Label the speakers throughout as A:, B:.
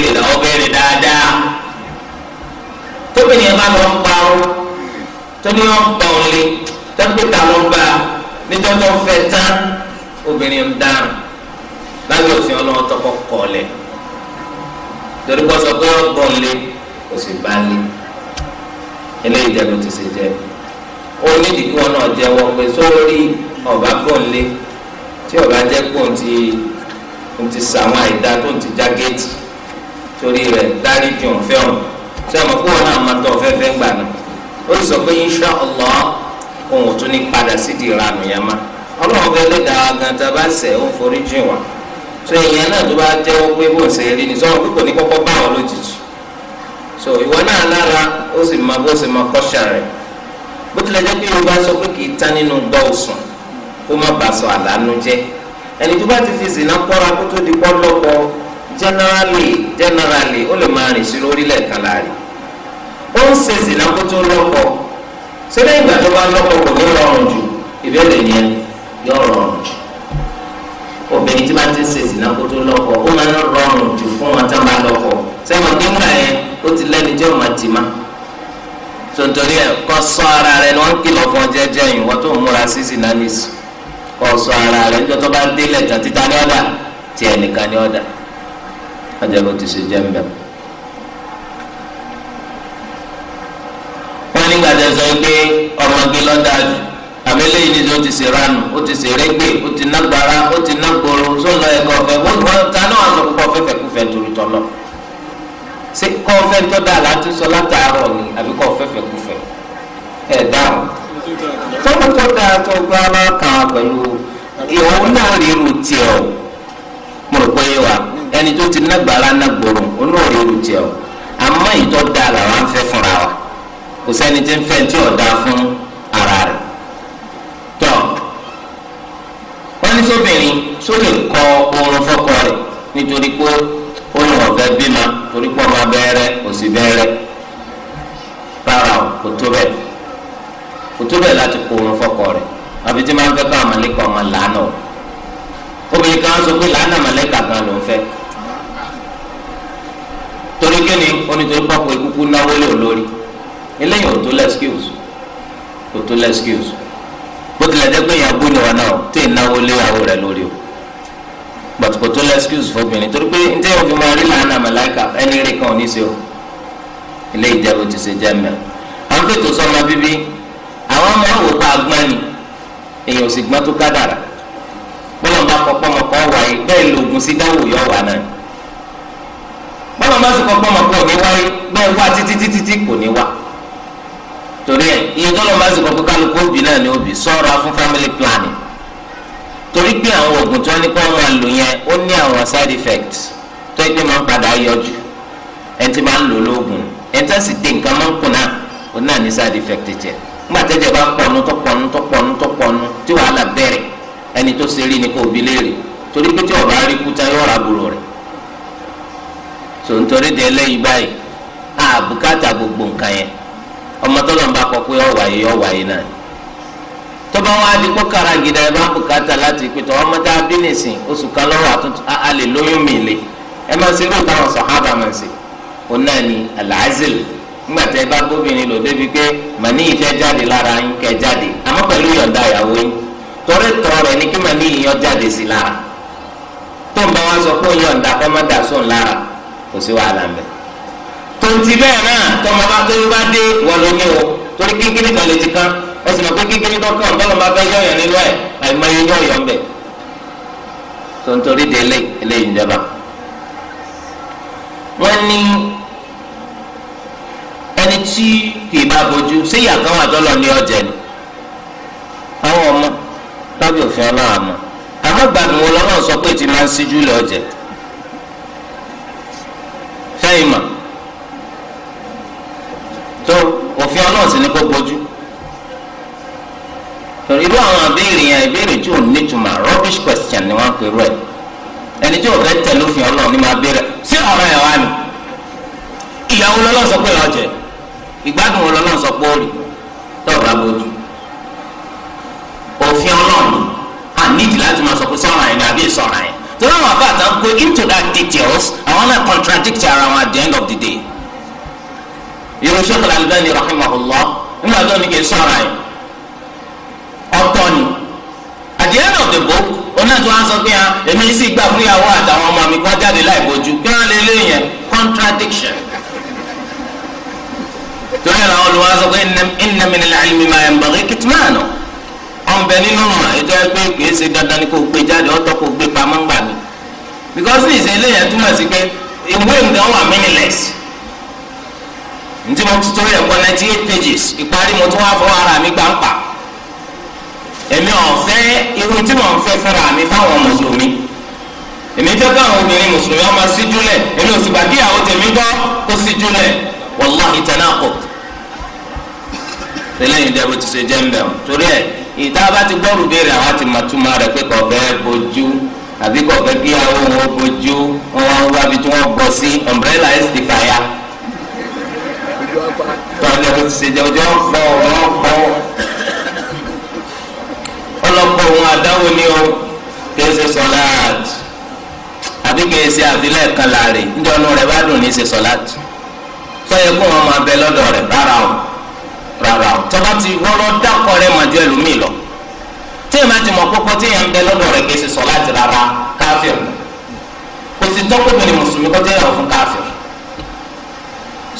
A: béèrè lọ béèrè dáadáa tóbìnrin yẹn bá lọ parọ́ tóní wọn gbà wọn lé tẹpẹtà ló bá nítọ́jọ́ fẹ́ tán obìnrin ń dáràn lábẹ́ òfin ọlọ́wọ́ tọkọ kọlẹ̀ torí kọ́ sọ pé ọgbọ́ lé kò sì bá lé eléyìí jẹ́ kó ti ṣe jẹ́ ó ní ìdíkú wọn náà jẹ́wọ́ pé sórí ọba gbọ́n lé tí ọba jẹ́ pé òun ti sàwọn àìdá tó ń ti já géètì. torí rẹ̀ dárí jùn fẹ́ràn sẹ́wọ̀n kó wọn náà máa tọ̀ fẹ́fẹ́ gbà ó sọ pé insha allah òun ò tún ní padà sídìí ìranù yẹn má ọlọ́run fẹ́ lé dàá gan tá a bá sẹ̀ ó forí wá ìyẹn náà tó bá pé bó ń rí ni ní kọ́kọ́ bá wọn lójijì ìwọ náà lára ó sì generally generally ó lè máa rìn sí lórílẹ̀ kan láàrin ó ń ṣe zìnà kó tó lọ́kọ sílẹ̀ ìgbà tó bá lọ́kọ kò ní rọrùn jù ìbéèrè yẹn yóò rọrùn jù obìnrin tí wọ́n ti ṣe zìnà kó tó lọ́kọ ó máa ń rọrùn jù fún wọn tí wọ́n bá lọ́kọ sẹ́wọ̀n nígbà yẹn ó ti lẹ́ni jẹ́ ọmọ tìmá tontori ẹ kọ sọ ara rẹ ni wọn kìlọ̀ fún jẹ́jẹ́ yìí wọn tó múra sí zinamis kọ sọ ara rẹ níjọ tó bá délẹ̀ tán títa ní ọdà tí ẹnìkan ní ọdà ajẹ́ bó ti ṣe jẹ́ mbẹ́. wọ́n ní gbàdẹ́ sọ pé ọmọge lọ́dà jù àmì eléyìí ni o ti ṣe ránù o ti ṣe régbè ó ti ná gbàrà ó ti ná gbòòrò sọ́nà ẹ̀kọ́ ọ̀fẹ́ wọ́n ta náà wọ́n sọ pé kọ́ fẹ́fẹ́ kúfẹ́ torí tọ́lọ́ ṣé kọ́ fẹ́ tọ́ da láti sọ látàárọ̀ ni àbí kọ́ fẹ́fẹ́ kúfẹ́ ẹ̀ dáhùn tọ́lọ́ tó tó gbá aláǹkà pẹ̀lú ìwọ̀n náà rí irú tiẹ̀ o mo rò pé wà ẹni tó ti nágbàrá nágbòrò olóòrè ìlú jẹ o àmọ́ ìtọ́ da làwọn afẹ́ fúnra wa kò sẹ́ni tí ń fẹ́ tí ò da fún ara rẹ̀ tọ́ wọ́n ní sóbìnrin sóde kọ oorun fọ́kọ rẹ̀ nítorí pé ó lọ ọ̀fẹ́ bímọ torí pé ọmọ bẹ́ẹ̀rẹ́ kò sí bẹ́ẹ̀rẹ́ rárá o kò tó bẹ́ẹ̀ kò tó bẹ́ẹ̀ láti kọ oorun fọ́kọ rẹ̀ àbí tí máa ń fẹ́ kọ́ àmàlẹ́kọ̀ọ́ ọmọ làánà o obìnrin kan sọ pé làánà àmàlẹ́kà gan ló ń fẹ́ kíni onítorí pọ́pọ́ ìkúkú náwó lè olórí eléyìí ò tó lẹ́skíwùs ò tó lẹ́skíwùs bó tilẹ̀ jẹ́ pé èèyàn bú ni wọn náà tí ì náwó lé àwọ̀ rẹ̀ lórí o gbàtùkò tó lẹ́skíwùs fọbìnrin torí pé ní tẹ́yìn òfin máa rí làánà màláìka ẹni rí kan ní sí o eléyìí jẹ́ bó ti ṣe jẹ́ mẹ́rin àwọn fètò sọmọ bíbí àwọn ọmọ àwò pa agbọ́n ni èèyàn ò sì gbọ́n tó kádàrà bọ́lá ń bá kọ́kọ́ mọ́kọ́ wáyé bẹ́ẹ̀ lóògùn sí dáwò yọ̀ wà náà tọ́lá bá sì kọ́kọ́ mọ̀ pé òní wáyé bẹ́ẹ̀ wá títí títí tí kò ní wá torí ẹ̀ iye tọ́lá bá sì kọ́kọ́ kálukú òbí náà ni òbí sọ́ra fún family planning torí pé àwọn oògùn tí wọ́n ní kó máa lò yẹn ó ní àwọn side effects tó yẹ pé máa ń padà yọjú ẹni tí máa ń lò lóògùn ẹni tí sì dé nǹkan máa ń kùnà ó náà ní side effects tiẹ̀ nígbà tẹ́jẹ̀ bá pọnu tó pọnu tó pọnu tó pọnu tí wàhálà bẹ̀rẹ̀ ẹni tó ṣe rí ni kò bí léèrè torí pé tí ọ̀bá rí kúta yóò rà gbòòrò rẹ̀ tó ń torí de eléyìí báyìí a bukata gbogbo nǹkan yẹn ọmọ tó lọ́nba kọ pé ọ̀wà yìí ọ̀wà yìí náà tó bá wá kara gidi ẹ bá bùkátà láti pété ọmọ tá a bí nìsín oṣù kan lọ́wọ́ àtúntò a lóyún mi lé ẹ máa ṣe lóòótọ́ àwọn máa ṣe òun náà ni nígbà tẹ bá lò débi pé màní jáde lára yín kẹ jáde àmọ́ pẹ̀lú yọ̀ǹda ìyàwó yín ni kí màní jáde sí kò sí wàhálà ń bẹ. tonti bẹ́ẹ̀ náà tọmọ bá tó bá dé wà lóní o torí kíkiri kan lè ti kán ẹ sì mọ̀ pé kíkiri kan kàn bọ́lá máa fẹ́ yọ̀yàn nínú ẹ̀ àìmọye yọ̀yàn bẹ̀. tontori de lé eléyìí ìjọba. wọ́n ní ẹni tí kì í bá bojú sí ìyàgán àtọ́lọ́ ní ọ̀jẹ̀ ni àwọn ọmọ lábẹ́ òfin ọlọ́run àmọ́ àmọ́ gbàgbọ́n wọn lọ́nà sọ pé ti máa ń síjú lọ́jẹ̀ẹ́ láì mà tó òfin ọlọ́run sì ní kó gbójú torí irú àwọn abéèrè yẹn ìbéèrè tí ò ní tuma rubbish question ni wọ́n ń pè rú ẹ̀ ẹni tí ò fẹ́ tẹ̀lé òfin ọlọ́run ni máa béèrè sí ọ̀rọ̀ ẹ̀ wá mi ìyàwó lọ́lọ́run sọ pé lọ́jẹ̀ ìgbádùn wọn lọ́lọ́run sọ pé ó rí tọ́ọ̀ bá gbójú òfin ọlọ́run àníjì láti máa sọ pé sọ̀rọ̀ ẹ̀ ni àbí ìsọ̀rọ̀ ẹ̀ torí àwọn àbá àtàn pé into that details àwọn náà contradict ara wọn at the end of the day. irun Sheikh Al-Albani rahimahullah nígbà tó ní kí n sọ̀rọ̀ ẹ̀ ọ̀tọ̀ ni at the end of the book onáàtú wa sọ pé ya ah, èmi sì gbà fún ìyàwó àtàwọn ọmọ mi kan jáde láì bójú kí wọ́n lè léyìn contradiction torí àwọn olùwà sọ pé inna min al-ilmi ma yanbaghi kitmanu. ń bẹ nínú ètò ẹgbẹ́ kìí ṣe dandan ni kò gbé jáde ọ̀tọ̀ kò gbé pamọ́ ńgbà mi because ní ìṣẹ̀lẹ̀ yẹn túmọ̀ sí pé ìwé wà meaningless ntí mo ti torí ẹ̀kọ́ ninety eight pages ìparí mo tún wá fọ́ ara mi gbàǹpà èmi ọ̀fẹ́ irú tí mo ń fẹ́ fúnra mi fáwọn mùsùlùmí èmi fẹ́ káwọn obìnrin mùsùlùmí ọmọ sí júlẹ̀ èmi ò ìta bá ti gbọ́rù béèrè àwọn àti màtúmá rẹ̀ pé kọ̀ọ̀fẹ́ bojú àbí kọ̀ọ̀fẹ́ kí àwọn òun bojú wọn wá wá bí tí wọ́n bọ̀ sí umbrella ẹ̀ sì fàyà. tọ́jú ọ̀hún ti ṣe jẹ́wọ́jọ́ pọ̀ wọ́n pọ̀ ọlọ́pọ̀ ohun àdáwò ni o kìí ṣe sọ́láàt àbí kìí ṣe àbílẹ̀ kan láàrin níjọ́ ọ̀nà rẹ̀ bá dùn ní ṣe sọ́láàt sọ yẹ kó wọn máa bẹ lọ́dọ̀ rẹ̀ rárá o rárá o tọ́ba ti wọ́n lọ dákọ̀ rẹ̀ màjú ẹlòmíì lọ tí èèmà ti mọ̀ pọ́pọ́ tí èèyàn ń bẹ lọ́dọ̀ rẹ̀ kì í ṣe sọ láti rárá káfíọ̀ kò sì tọ́kùnrin mùsùlùmí kọjá ìyàwó fún káfíọ̀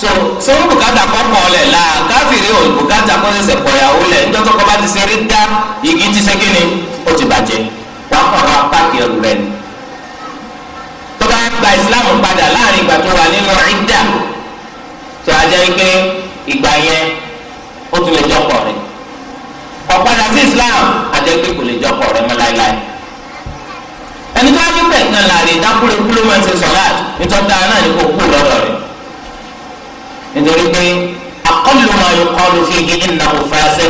A: so sẹ́wọ́n bùkátà kọ́ kọ́ lẹ̀ la káfíìrì ò bùkátà kọ́ sẹ̀sẹ̀ kọ̀yàwó lẹ̀ ńdọ́tọ́ kọ́ bá ti ṣe rí dá igi ti ṣe kíni ó ti bàjẹ́ wàá kọ́ ra páàkì ẹrù rẹ̀ ni. tó gba ìsìláàmù padà láàrin ìgbà tó wà nínú ìdá tó a jẹ́ pé ìgbà yẹn ó tún lè jọpọ rẹ ọ̀padà sí Islam àjẹpẹ́ kò lè jọpọ rẹ mọ́ láéláé ẹni tó wájú bẹ̀ kan láàrin ìdákúrẹ́kúrẹ́ máa ń ṣe sọ̀láàt nítorí dáa náà ní kò kú lọ́rọ̀ rẹ̀ nítorí pé akọ́lù máa yọ kọ́lù fi igi nínú àwọn fẹ́ẹ́sẹ̀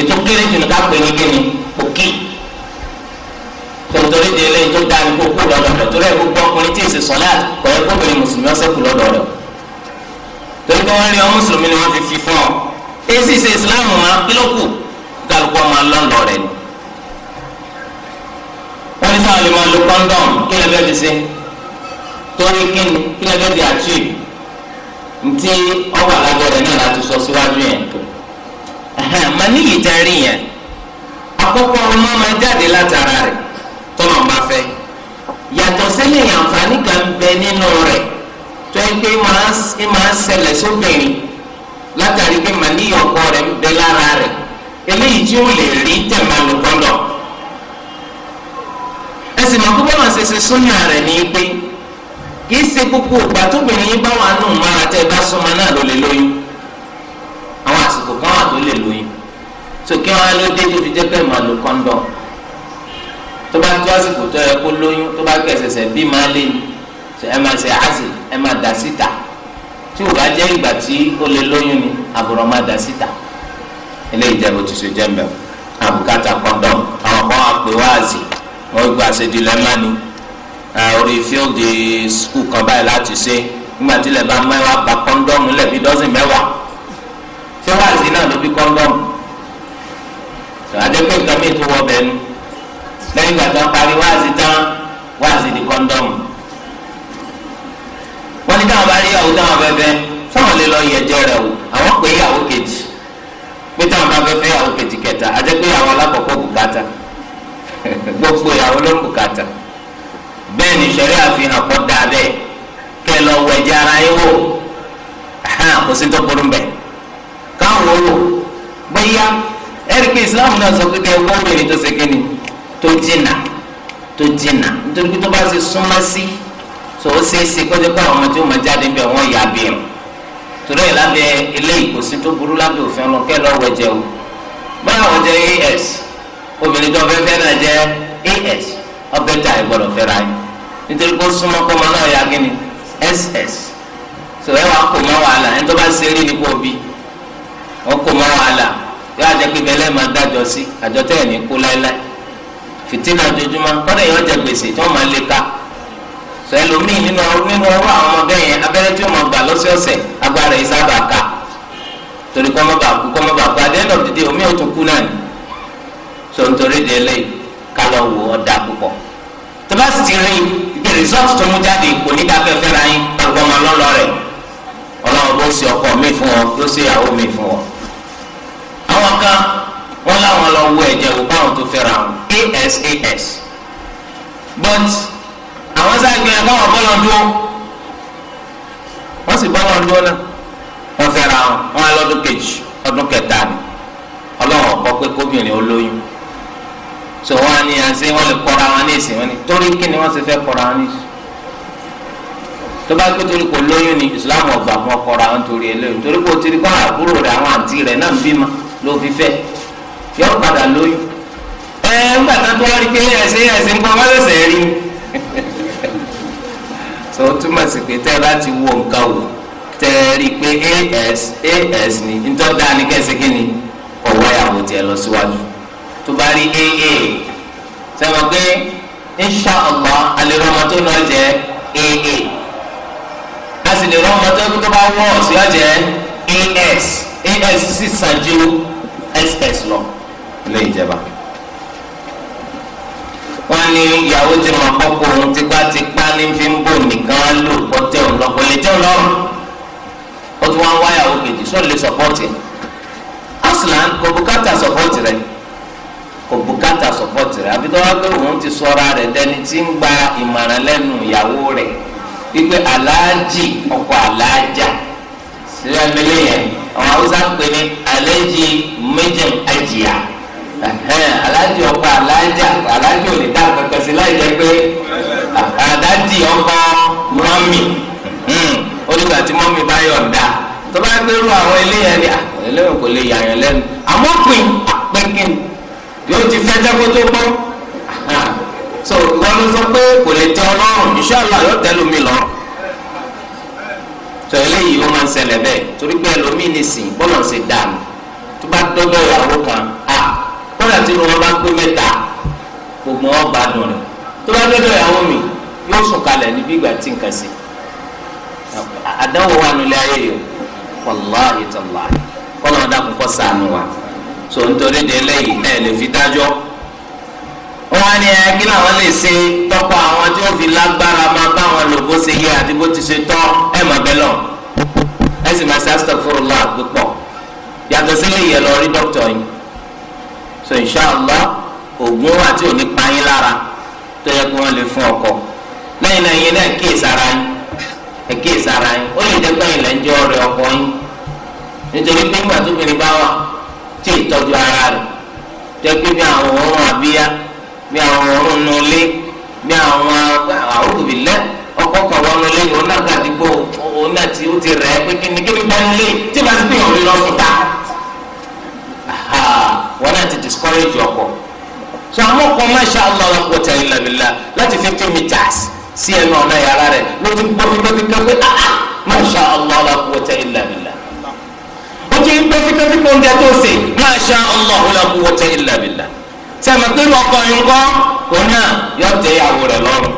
A: ètò kéré jù ní kápẹ́ ní kíni òkì tòótórí di eléyìí tó dáa ní kò kú lọ́rọ̀ rẹ̀ torí ẹ̀ gbogbo ọkùnrin tí ì ṣe sọ̀láàt mùsùlùmí ọ̀sẹ̀ kù lọ́rọ̀ torí pé wọ́n rí ọ mùsùlùmí ni wọ́n fi fi fún ọ èsì ṣe islam ma kílókù kálukú ọmọ lọ́nlọ́ rẹ̀ ni. wọ́n ní sáwọn lè máa lo kọ́ńdọ̀m kí lè bẹ́ẹ̀ fi ṣe torí kí ni kí lè bẹ́ẹ̀ fi àtúì ntí ọwọ́ alájọ rẹ̀ náà láti sọ síwájú yẹn. mà níyì tẹ́ rí yẹn àkọ́kọ́ ọmọ máa jáde látara rẹ̀ tọ́nà bá fẹ́ yàtọ̀ sílẹ̀ àǹfààní kan bẹ nínú rẹ̀ tó ẹgbẹ́ máa ń sóbìnrin. So látàrí pé màní ọkọ rẹ̀ ń bẹ lára rẹ̀ eléyìí tí ó lè rí tẹ̀mà ló kọ́ńdọ̀ ẹsìn mọ̀ púpọ̀ náà ṣẹṣẹ súnà rẹ̀ ní pé kì í ṣe gbogbo ìgbà tóbìnrin yín bá wà nù mára tẹ́ bá súnmọ́ náà ló lè lóyún àwọn àsìkò kan wà tó lè lóyún sókè wọn ló dé tó fi jẹ́ pé màá ló tó bá tó àsìkò tó yẹ kó lóyún tó bá kẹsẹsẹ bí máa lé ẹ máa ṣe àṣì ẹ máa dà síta tí ò bá jẹ́ ìgbà tí ó lè lóyún ni àbùrọ̀ máa dà síta eléyìí jẹ́ bó ti ṣe jẹ́ mbẹ́ àbùkátà kọ́ńdọ̀mù àwọn kan á pè wáàzì wọ́n gba àṣedìlẹ̀ má ni orí fíldì skul kan báyìí láti ṣe nígbà tí ilẹ̀ bá mẹ́wàá gba kọ́ńdọ̀mù lẹ́bi dọ́sìn mẹ́wàá ṣé wáàzì náà ló bí kọ́ńdọ̀mù àdẹ́gbẹ́ nǹkan mi tó wọ bẹ́ẹ̀ ni lẹ́yìn ìgbà tó ń parí wáàzì tán wáàzì di kọ́ńdọ̀mù wọ́n ní táwọn bá rí ìyàwó táwọn fẹ́ fẹ́ sáwọn lè lọ yẹjọ́ rẹ̀ wò àwọn pè ìyàwó kejì pé táwọn bá fẹ́ fẹ́ ìyàwó kejì kẹta àti pé àwọn alákọ̀ọ́kọ́ bùkátà gbogbo ìyàwó ló ń bùkátà bẹ́ẹ̀ ni sẹ́rí àfihàn kọ́ da bẹ́ẹ̀ kẹ́ lọ wẹ̀jẹ̀ ara yín wò kò sí tó burú bẹ́ẹ̀ káwọn wò bóyá ẹ̀rí Islam náà sọ pé kẹ́ wọ́n mi tó ṣe kí ni tó jìnnà tó jìnnà nítorí pé Si tó ó ṣeé ṣe kọjá pé àwọn ọmọ tí ó máa jáde níbẹ̀ wọ́n yà bí ẹ̀rù torí ẹ̀ lábẹ́ eléyìí kò sí tó burú lábẹ́ òfin ọlọ́run kẹ́ lọ́wọ́ jẹ o báyà wọ́n jẹ as obìnrin tó fẹ́ fẹ́ náà jẹ as ọbẹ̀ tà ẹ̀ gbọ́dọ̀ fẹ́ ra yìí nítorí kó súnmọ́ kọ́ ọmọ náà yà gíní ss so ẹ wàá kò mọ́ wàhálà ẹni tó bá ṣe eré nípò bí wọ́n kò mọ́ wàhálà yóò àjẹ́ pé bẹ́lẹ́ máa dájọ́ sí àjọ tẹ́ẹ̀ ní kú láéláé fìtínà ojoojúmọ́ kọ́dà yóò jẹ gbèsè tí wọ́n máa lé ká sọ ẹlòmíì nínú nínú ọwọ́ àwọn ọmọ bẹ́ẹ̀ yẹn abẹ́rẹ́ tí ó mọ̀ gbà lọ́sọ̀ọ̀sẹ̀ agbára yìí sábà ká torí kọ́ mọ́ bà kú kọ́ mọ́ bà kú adé lọ́ọ̀ dídé omi òtún kú náà ni sọ nítorí dé lé kálọ̀ wò ó da púpọ̀ tó bá sì ti rí ibi rìsọ́ọ̀tì tó mú jáde kò ní dákẹ́ fẹ́ra yín ọgbọ́n ọmọ lọ́lọ́ rẹ̀ ọlọ́run bó ṣe ọkọ mi fún ọ yóò ṣe ìyàwó mi fún ọ. àwọn kan wọ́n láwọn lọ wo ẹ̀jẹ̀ wò báwọn tó fẹ́ra wọn asas but àwọn sáà gbìyànjú káwọn bọ́lọ̀ dúró wọ́n sì bọ́lọ̀ dúró náà wọ́n fẹ́ra wọn wọn lọ́dún kejì ọdún kẹta ni ọlọ́run ọ̀kọ́ pé kóbìnrin olóyún so wọn á ní àṣẹ wọn lè kọ́ra wọn ní ìsìn wọn ni torí kí ni wọ́n ṣe fẹ́ kọ́ra wọn ní ìsìn tó bá pé torí kò lóyún ni islam ọgbà mọ ọkọra àwọn torí eléyìí torí kò tiri kọ́ àbúrò rẹ̀ àwọn àǹtí rẹ̀ náà ń bímọ ló fi fẹ́ yọ padà lóyún. ẹ ńgbà tán tó wá rí pé ẹsẹ ẹsẹ ń pọn wọn lẹsẹ rí so ó túmọ̀ sí pé tẹ́ ẹ bá ti wo nǹkan wò tẹ́ ẹ rí i pé as as ni nítorí dáa ní kẹ́sìkí ni ọ̀wọ́ ìyàwó tiẹ̀ lọ síwájú tó bá rí aa sẹ́wọ̀n pé insha allah alẹ́ rọ́mọ tó náà jẹ́ aa a sì lè rọ́mọ tó tó bá wọ́ ọ̀sì ọ̀jẹ́ as as sì sàn ju ss lọ ilé ìjẹba ní ìyàwó ti mọ kọ́kọ́ òun tipátipá ní fi ń bò nìkan lò kọ́tẹ́ òun lọ́kọ́ lè jẹ́ ọlọ́run ó ti wá ń wáyàwó kejì sọ lè sọpọ́ọ̀tì aslan kò bùkátà sọpọ́ọ̀tì rẹ̀ kò bùkátà sọpọ́ọ̀tì rẹ̀ àfi tó wá pé òun ti sọra rẹ̀ dẹni tí ń gba ìmọ̀ràn lẹ́nu ìyàwó rẹ̀ wípé aláàjì ọkọ aláàjà sílẹ̀ mi àwọn haúsá ń pè ní alẹ́jì méjì àjìyà alájì ọba alájà alájì ò lè dá kankan sí láì jẹ́ pé àdájì ọba mọ́mì onígbà hmm, tí mọ́mì bá yọ̀ǹda tó bá gbérú àwọn eléyàn ni eléyàn kò lè yàyàn lẹ́nu àmọ́ pin pínpín yóò ti fẹ́ jákòtò pọ́ so ìwọ ló sọ pé kò lè tẹ ọlọ́run ìṣọ́lá yóò tẹ́ lómi lọ tọ eléyìí ó máa ń ṣẹlẹ̀ bẹ́ẹ̀ torí pé ẹlòmíì nìsín bọ́lọ̀ ṣe dànù tó bá dọ́dọ̀ ìyàwó kan kọ́dà tí wọn bá pé mẹ́ta gbogbo wọn bá dùn rẹ̀ tó bá dọ́dọ̀ ìyàwó mi yóò sùn kalẹ̀ níbi ìgbà tí nǹkan sí àdánwò wa nílé ayé yìí wàláhi tàlá kọ́nà dàkún kọ́ sànù wa tó nítorí de lẹ́yìn ẹ̀ lè fi dájọ́ wọn ní ẹ kí làwọn lè ṣe tọpọ àwọn tí ó fi lágbára máa bá wọn lò bó ṣe yẹ àti bó ti ṣe tọ́ ẹ mọ̀ bẹ́ẹ̀ lọ ẹ sì máa ṣe astagfurullah púpọ̀ yàtọ̀ sílẹ̀ yẹ lọ rí dókítà yìí so inshàlá oògùn wà tí ò lara, pa yín lára tó yẹ kí wọ́n lè fún ọkọ lẹ́yìn náà yín náà kíyè sára yín ẹ kíyè sára yín ó lè jẹ́ pé ilẹ̀ ń jẹ́ ọ̀rẹ́ ọkọ yín nítorí pé nígbà tó kiri bá wà tí ìtọ́jú ara rẹ̀ jẹ́ pé bí àwọn òórùn àbíyá bí àwọn òórùn nulẹ̀ bí àwọn àwòrán ọkọ kan wọn lọ lẹ́yìn ọ̀nà àgbàdìgbò ọ̀nà tí ó ti rẹ̀ pé kíni kíni bá ń lé tí bá ń pè ọ́ gáréèjì ọkọ̀ so àmọ́ kọ́ masha allah la quwwata illa billah láti fifty meters sí ẹnu ọ̀nà yàrá rẹ̀ ló ti gbọ́ fi gbẹ́fi kẹ́fẹ́ ah ah masha allah la quwwata illa billah ó ti gbẹ́fi kẹ́fẹ́ kó ń dẹ́ tó sè masha allah la quwwata illa billah sẹ́mi pé ọkọ̀ yín kọ́ kò náà yọ tẹ ìyàwó rẹ̀ lọ́rùn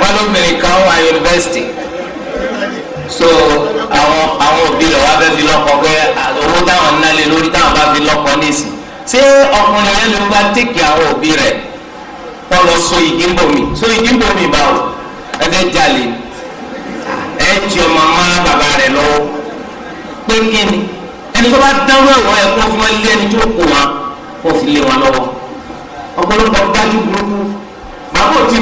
A: wọn lóbìnrin kan wà yunifásitì so àwọn àwọn òbí rẹ̀ wá fẹ́ fi lọ́kọ pé owó táwọn ń nálé lórí táwọn bá fi lọ́kọ nísì ṣé ọkùnrin yẹn ló bá tèkì àwọn òbí rẹ̀ kọ́ lọ so igi ń bomi so igi ń bomi báwo ẹ jalè ẹ jẹ ọmọ ọmọ bàbá rẹ̀ lọ́wọ́ pé kí ẹni tó bá dánwó ẹ̀wọ̀ ẹ̀ fún ẹni tó kù wọn kó fi lé wọn lọ́wọ́ ọ̀pọ̀lọpọ̀ dájú burúkú sábòtì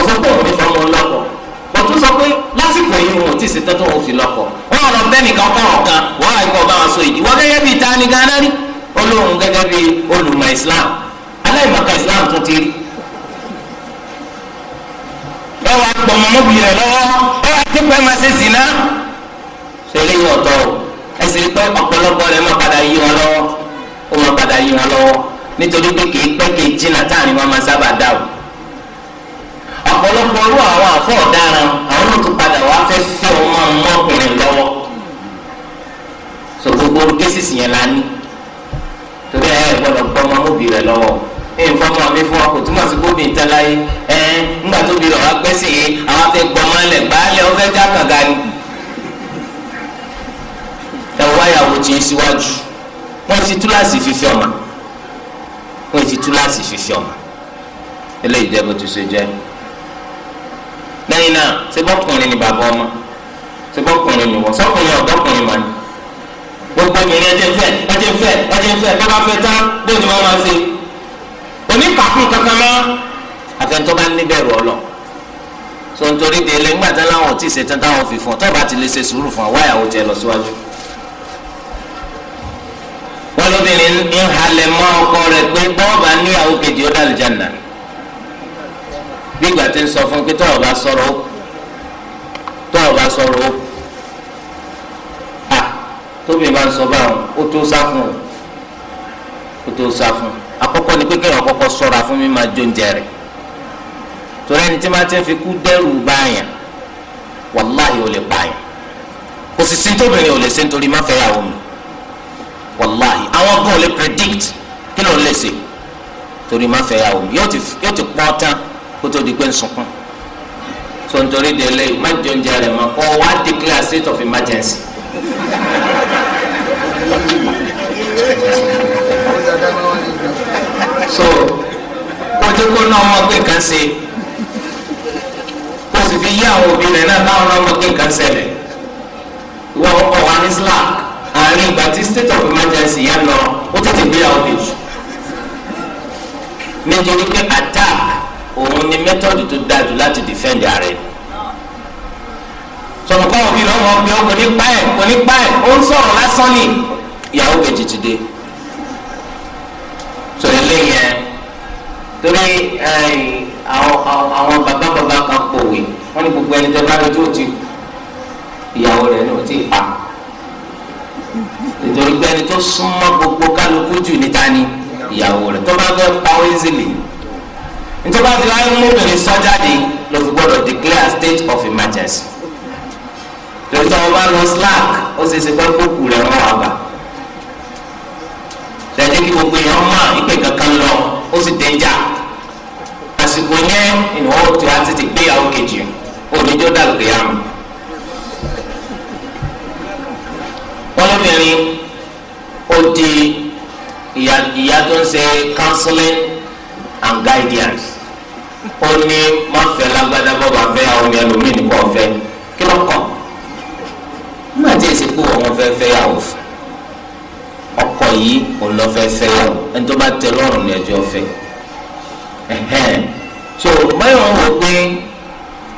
A: ọ̀sán tó ní fọmọ ọlọ́kọ̀ wọ́n tún sọ pé lásìkò yìí wọn ò tí ì ṣetán tó wọn fi lọ́kọ̀ wọ́n ọ̀rọ̀ bẹ́nìkan kọ̀rọ̀ kan wọ́n àìkọ́ bá wọn sọ ìdí wọ́n gẹ́gẹ́ bíi tani ganan rí olóhùn gẹ́gẹ́ bíi olùmọ̀ Islam aláìmọ̀ká Islam tó ti rí ẹ wàá gbọmọ mọ́bìlì lọ́wọ́ ẹ wàá tó pẹ́ máa ṣe zina ṣe eléyìí ọ̀tọ̀ o ẹ pé ọ̀pọ̀lọpọ̀ rẹ̀ máa padà yí wọn lọ́wọ́ ó máa padà yí wọn lọ́wọ́ nítorí pé kì í pẹ́ kì í jìnnà táàrin wọn máa sábà dá o ọ̀pọ̀lọpọ̀ irú àwọn àfọ̀ ọ̀daràn àwọn ò tún padà wá fẹ́ fẹ́ ọmọ ọmọkùnrin lọ́wọ́ so gbogbo késìsì yẹn la ní torí ẹ gbọ́dọ̀ gbọ́ ọmọ mọ́bì rẹ lọ́wọ́ ẹ fọmọ mi fún ọ kò túmọ̀ sí gbóbi ìtàláyé ẹ ńgbà tó bi rẹ̀ wá yìí àwọn afẹ́ gbọmọ lẹ̀ gbálẹ̀ ọ̀fẹ́ já kàga ni ẹ wáyàwó tiẹ̀ síwájú wọ́n ti túláàsì fífi ọmọ wọ́n ti túláàsì fífi ọmọ eléyìí jẹ́ bó ti ṣe jẹ́ lẹ́yìn náà ṣebọ́kùnrin ni bàbá ọmọ ṣebọ́kùnrin ni wọ́n sọ́kùnrin ọ̀dọ́kùnrin mà ní. gbogbo obìnrin ẹjẹ fẹ ẹjẹ fẹ ẹjẹ fẹ bá bá fẹ tán bóun ni wọ́n máa ṣe. oníkàkùn kankan mọ́ àfẹnutọ́ bá níbẹ̀rù ọlọ́ọ̀ so nítorí de ilé ńgbà tán láwọn tí ì ṣetán táwọn fi fún ọ tọ́ba ti lè ṣe sùúrù fún ọ wáyàwó tiẹ̀ lọ síwájú. wọ́n lóbìnrin ń halẹ̀ mọ́ bí ìgbà tí ń sọ fún pé tọ́ ọba sọ̀rọ̀ ó tọ́ ọba sọ̀rọ̀ ó à tóbi máa ń sọ báwọn ó tó sá fún o ó tó sá fún àkọ́kọ́ ni pé kéèyàn kọ́kọ́ sọ̀ra fún mi máa jóúnjẹ rẹ̀ torí ẹni tí máa ti fi kú dẹ́rù báyàn wàláhì ò lè báyàn kò sì sí tóbìnrin ò lè ṣe nítorí má fẹ́ yàwó wàláhì àwọn ọgbọ́n ò lè predict kí ló ń lè ṣe torí má fẹ́ yàwó yóò ti pọ́n tán kótó di pé ń so nítorí délé ìmájọ oúnjẹ rẹ mọ kọ wá declare state of emergency. so kọjú kó náà ọmọ pé kan ṣe kó sì fi yí àwọn òbí náà báwọn náà ọmọ pé kan ṣẹlẹ̀ wọ ọkọ wa ní slack àárín ìgbà tí state of emergency yẹn lọ ó tètè gbéyàwó kejì nítorí pé attack òun ni mẹ́tọ́dì tó dájú láti defend ààrẹ sọ̀rọ̀ kọ́ òbí lọ́wọ́ ọ̀gbẹ́ ó kò ní pa ẹ̀ kò ní pa ẹ̀ ó ń sọ̀rọ̀ lásán ni ìyàwó kejì ti dé sọ eléyìí ẹ torí àwọn bàbá bàbá kan pòwe wọ́n ní gbogbo ẹni tẹ́ bá lọ́jọ́ òtí ìyàwó rẹ̀ ní òtí pa nítorí pé ẹni tó súnmọ́ gbogbo kálukú jù níta ni ìyàwó rẹ̀ tó bá fẹ́ pa ó ń zèlè yìí ntọ́ba ti wáyé mọ́bìnrin sọ́jáde ló fi gbọ́dọ̀ declare a state of emergency lórí tí wọ́n bá lọ slack ó ṣe ṣe gbọ́dọ̀ kókù rẹ̀ wọ́n wà bá lẹ́jẹ́ kí gbogbo èèyàn mọ̀ ìpè kankan lọ ó sì dẹ́njà àsìkò yẹn ìnáwó tí wọ́n ti ti gbéyàwó kejì onídjọ́ dàlù kìyàmù wọ́n lóbìnrin ó di ìyá tó ń ṣe counseling and guidance ó ní mọ́fẹ́ lágbádá bọ́ba fẹ́ àwọn ẹni omi nìkan fẹ́ kí ló kàn nígbà tí èsì kú ọmọ fẹ́ fẹ́ yàwó ọkọ yìí òun lọ fẹ́ fẹ́ yàwó ẹni tó bá tẹ lọ́rùn ní ẹjọ́ fẹ́ so báyọ̀ wọn wò pé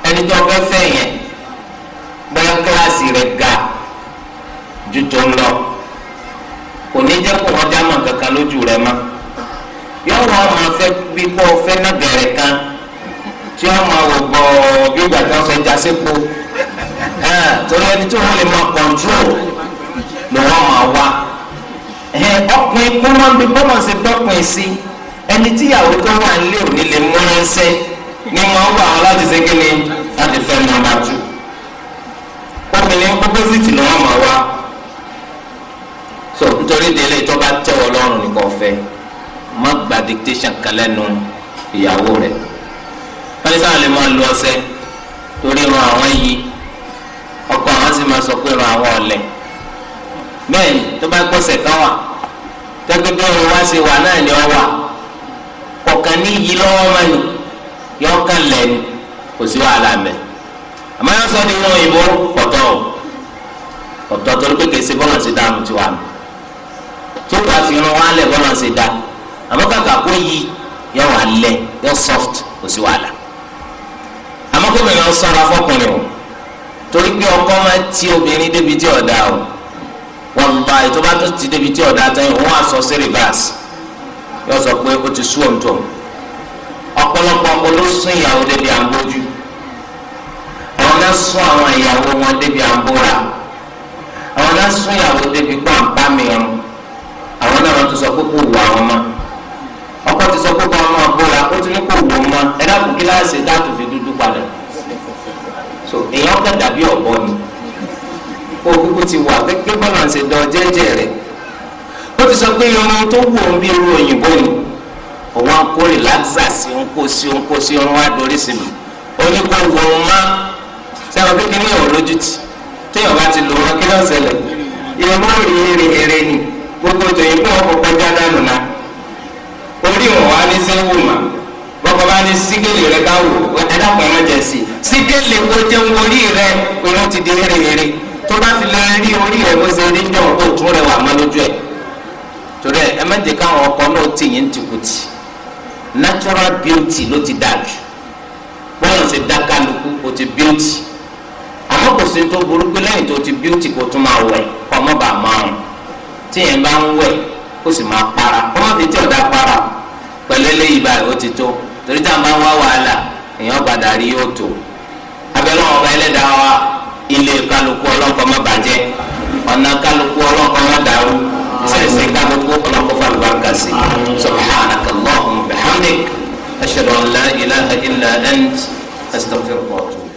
A: ẹni tó fẹ́ fẹ́ yẹn báyọ̀ kíláàsì rẹ̀ ga ju tó ń lọ kò ní jẹ́ kó wọn dá mọ̀ kankan lójú rẹ̀ mọ́ yọ̀ọ́ wọn máa fẹ́ bí kò fẹ́ náà gẹ̀rẹ̀ kan tí wọ́n máa wò gbọ́ bí ìgbà tí wọ́n fẹ́ já sépo torí ẹni tí wọ́n lè máa kọ̀ntrol ló wọ́n máa wá ọkùnrin kú máa ń bí bọ́mọ̀ sí tọkùnrin sí ẹni tíyàwó tó wà nílé òní lè mú ẹsẹ̀ ni wọ́n wà wọn láti ṣe kí ni láti fẹ́ nọ́mbà jù obìnrin opposite ni wọ́n máa wá so nítorí délé tó bá tẹ́ ọ lọ́rùn nìkan fẹ́ má gba dictation kan lẹ́nu ìyàwó rẹ̀ wọ́n ní sáà lè máa lu ọṣẹ torí irun àwọn yìí ọkọ àwọn sì máa sọ pé irun àwọn ọ̀lẹ̀ bẹ́ẹ̀ ni tó bá gbọ́sẹ̀ kan wà tẹ́gbẹ́ bí irun wá ṣe wà náà ni ọ wà kọ̀ọ̀kan ní yìí lọ́wọ́ mọ́ ni yọ kàn lẹ̀ ni kò sí wàhálà mẹ́ àmọ́ yọ sọ ní irun òyìnbó pọ̀tọ́ ọ̀tọ̀ torí pé kèsì bọ́lá ti dá àmì tiwa mi tó bá fi irun wá bọ́lá ti dá àmọ́ kàkà kó yí yọ wà lẹ̀ yọ soft kò sí wàhálà àmọ́ gómìnà ń sọra fọkùnrin o torí pé ọkọ máa ti obìnrin débi tí ọ̀dà o wàlúwà ètò bá tó ti débi tí ọ̀dà tán òun á sọ sí rìvásì yóò sọ pé ó ti sú òun tó ọ̀pọ̀lọpọ̀ ọkọ ló sún ìyàwó débi à ń bójú àwọn náà sún àwọn ìyàwó wọn débi à ń bóra àwọn náà sún ìyàwó débi pàǹpá mìíràn àwọn náà wọn tó sọ pé kò wù àwọn máa ọkọ ti sọ pé kọ́ ọmọ bóra ó ti ní kó wò mọ ẹ dákun kíláàsì dáàtò fi dúdú padà so èèyàn kàn dàbí ọ̀bọ ni kó kúkú ti wà gẹ́gẹ́ bọ́lá ń ṣe dán jẹ́jẹ́ rẹ̀ ó ti sọ pé irun tó wù ọ́n bí irú òyìnbó ni òun á kó rìláxà sí ń kó sí ń kó sí ń wá dorí sí mi ó ní kó wò ó má sẹ́wọ́n pé kí ni ìwọ̀n lójútì téèyàn bá ti lò wọ́n kí ló ń ṣẹlẹ̀ rí rí eré ni gbogbo tòyìnbó ọkọ̀ kọjá dànù omulimu waniseewuuma bọ́kọ bá ní síkèlè rẹ bá wò ẹ̀dàpọ̀ ẹ̀rọ si sí síkèlè kó jẹ́ rẹ irun ti di hérehére tó bá fi lè rí orí rẹ bó ṣe rí ń dẹ̀wọ̀n kó rẹ wà mọ́ lójú ẹ̀ torí ẹ má jẹ́ káwọn ọkọ náà tì yín tìkùtì natural beauty ló ti dà jù ṣe dá kálukú o ti beauty àmọ́ kò sí tó burú ti beauty tún máa wẹ̀ bá ń wẹ̀ kó sì máa para pẹ̀lú eléyìí báyìí ó ti tó torí tá à ń bá wá wàhálà èèyàn padà rí yóò tó abẹ́lẹ́ wọn ọba ẹlẹ́dàá wa ilé kálukú ọlọ́kọ má bàjẹ́ ọ̀nà kálukú ọlọ́kọ má dàrú sẹ́sẹ́ kálukú ọlọ́kọ fàlùbáǹkà sí subhanaka allahumma bihamdik ashhadu an la ilaha illa ant astaghfiruka.